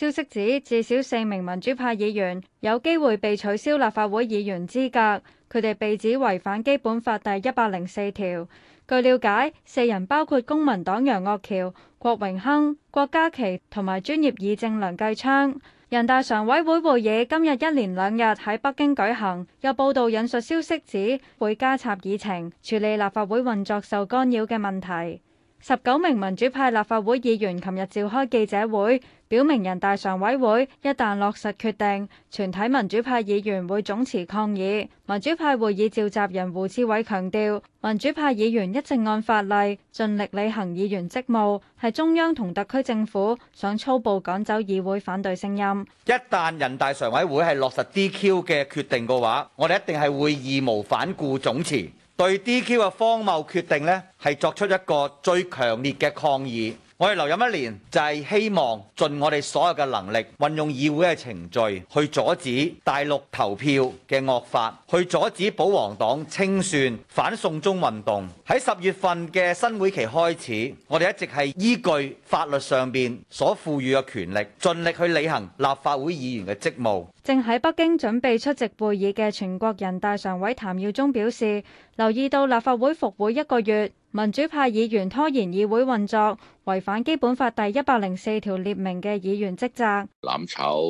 消息指，至少四名民主派議員有機會被取消立法會議員資格，佢哋被指違反基本法第一百零四條。據了解，四人包括公民黨楊岳橋、郭榮鏗、郭家麒同埋專業議政梁繼昌。人大常委會會議今日一連兩日喺北京舉行，有報道引述消息指會加插議程，處理立法會運作受干擾嘅問題。十九名民主派立法會議員琴日召開記者會，表明人大常委會一旦落實決定，全體民主派議員會總辭抗議。民主派會議召集人胡志偉強調，民主派議員一直按法例盡力履行議員職務，係中央同特區政府想粗暴趕走議會反對聲音。一旦人大常委會係落實 DQ 嘅決定嘅話，我哋一定係會義無反顧總辭。對 DQ 嘅荒謬決定呢，係作出一個最強烈嘅抗議。我哋留任一年，就係希望盡我哋所有嘅能力，運用議會嘅程序去阻止大陸投票嘅惡法，去阻止保皇黨清算反送中運動。喺十月份嘅新會期開始，我哋一直係依據法律上邊所賦予嘅權力，盡力去履行立法會議員嘅職務。正喺北京準備出席會議嘅全國人大常委譚耀宗表示，留意到立法會復會一個月，民主派議員拖延議會運作，違反基本法第一百零四條列明嘅議員職責。攬炒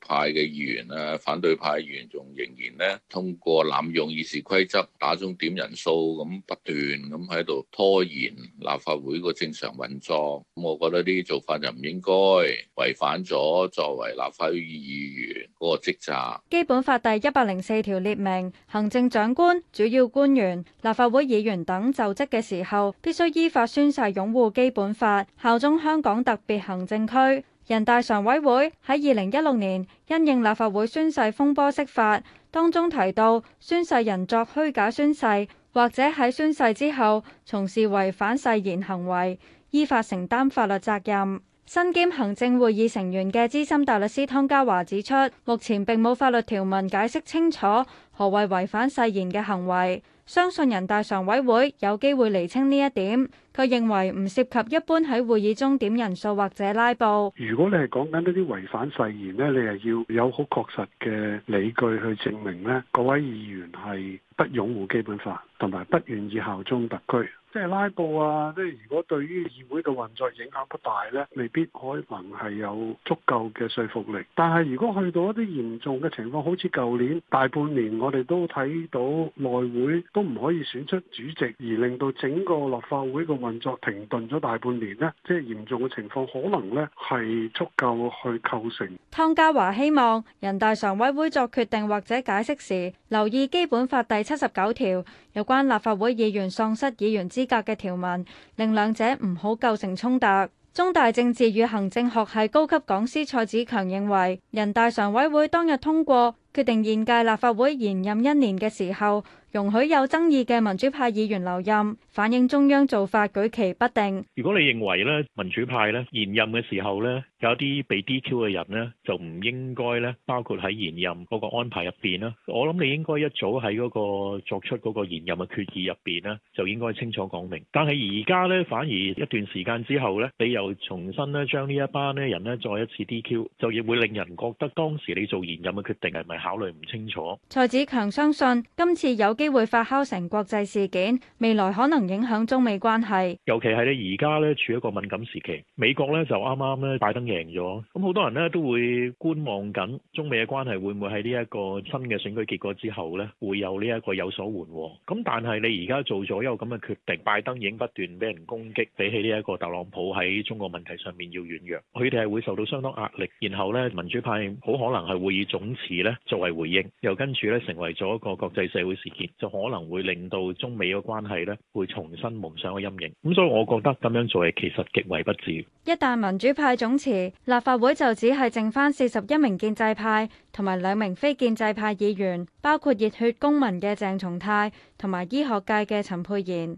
派嘅議員啊，反對派議員仲仍然咧，通過濫用議事規則打中點人數，咁不斷咁喺度拖延立法會個正常運作。咁我覺得呢啲做法就唔應該，違反咗作為立法會議員。《基本法》第一百零四條列明，行政長官、主要官員、立法會議員等就職嘅時候，必須依法宣誓擁護《基本法》，效忠香港特別行政區。人大常委會喺二零一六年因應立法會宣誓風波釋法，當中提到，宣誓人作虛假宣誓，或者喺宣誓之後從事違反誓言行為，依法承擔法律責任。身兼行政會議成員嘅資深大律師湯家驊指出，目前並冇法律條文解釋清楚。何謂違反誓言嘅行為？相信人大常委會有機會釐清呢一點。佢認為唔涉及一般喺會議中點人數或者拉布。如果你係講緊一啲違反誓言呢，你係要有好確實嘅理據去證明呢，各位議員係不擁護基本法同埋不願意效忠特區。即係拉布啊！即係如果對於議會嘅運作影響不大呢，未必可能係有足夠嘅說服力。但係如果去到一啲嚴重嘅情況，好似舊年大半年。我哋都睇到內會都唔可以選出主席，而令到整個立法會個運作停頓咗大半年咧，即係嚴重嘅情況，可能咧係足夠去構成湯家驊希望人大常委會作決定或者解釋時，留意《基本法》第七十九條有關立法會議員喪失議員資格嘅條文，令兩者唔好構成衝突。中大政治與行政學系高級講師蔡子強認為，人大常委會當日通過。決定現屆立法會延任一年嘅時候，容許有爭議嘅民主派議員留任，反映中央做法舉棋不定。如果你認為咧民主派咧延任嘅時候咧有啲被 DQ 嘅人咧就唔應該咧，包括喺延任嗰個安排入邊啦。我諗你應該一早喺嗰個作出嗰個延任嘅決議入邊咧，就應該清楚講明。但係而家咧反而一段時間之後咧，你又重新咧將呢一班咧人咧再一次 DQ，就亦會令人覺得當時你做延任嘅決定係咪？考慮唔清楚。蔡子強相信今次有機會發酵成國際事件，未來可能影響中美關係。尤其係你而家咧處一個敏感時期，美國咧就啱啱咧拜登贏咗，咁好多人呢都會觀望緊中美嘅關係會唔會喺呢一個新嘅選舉結果之後呢會有呢一個有所緩和。咁但係你而家做咗一個咁嘅決定，拜登已經不斷俾人攻擊，比起呢一個特朗普喺中國問題上面要軟弱，佢哋係會受到相當壓力。然後咧民主派好可能係會以總辭咧。作為回應，又跟住咧成為咗一個國際社會事件，就可能會令到中美嘅關係咧會重新蒙上嘅陰影。咁所以我覺得咁樣做係其實極為不智。一旦民主派總辭，立法會就只係剩翻四十一名建制派同埋兩名非建制派議員，包括熱血公民嘅鄭松泰同埋醫學界嘅陳佩賢。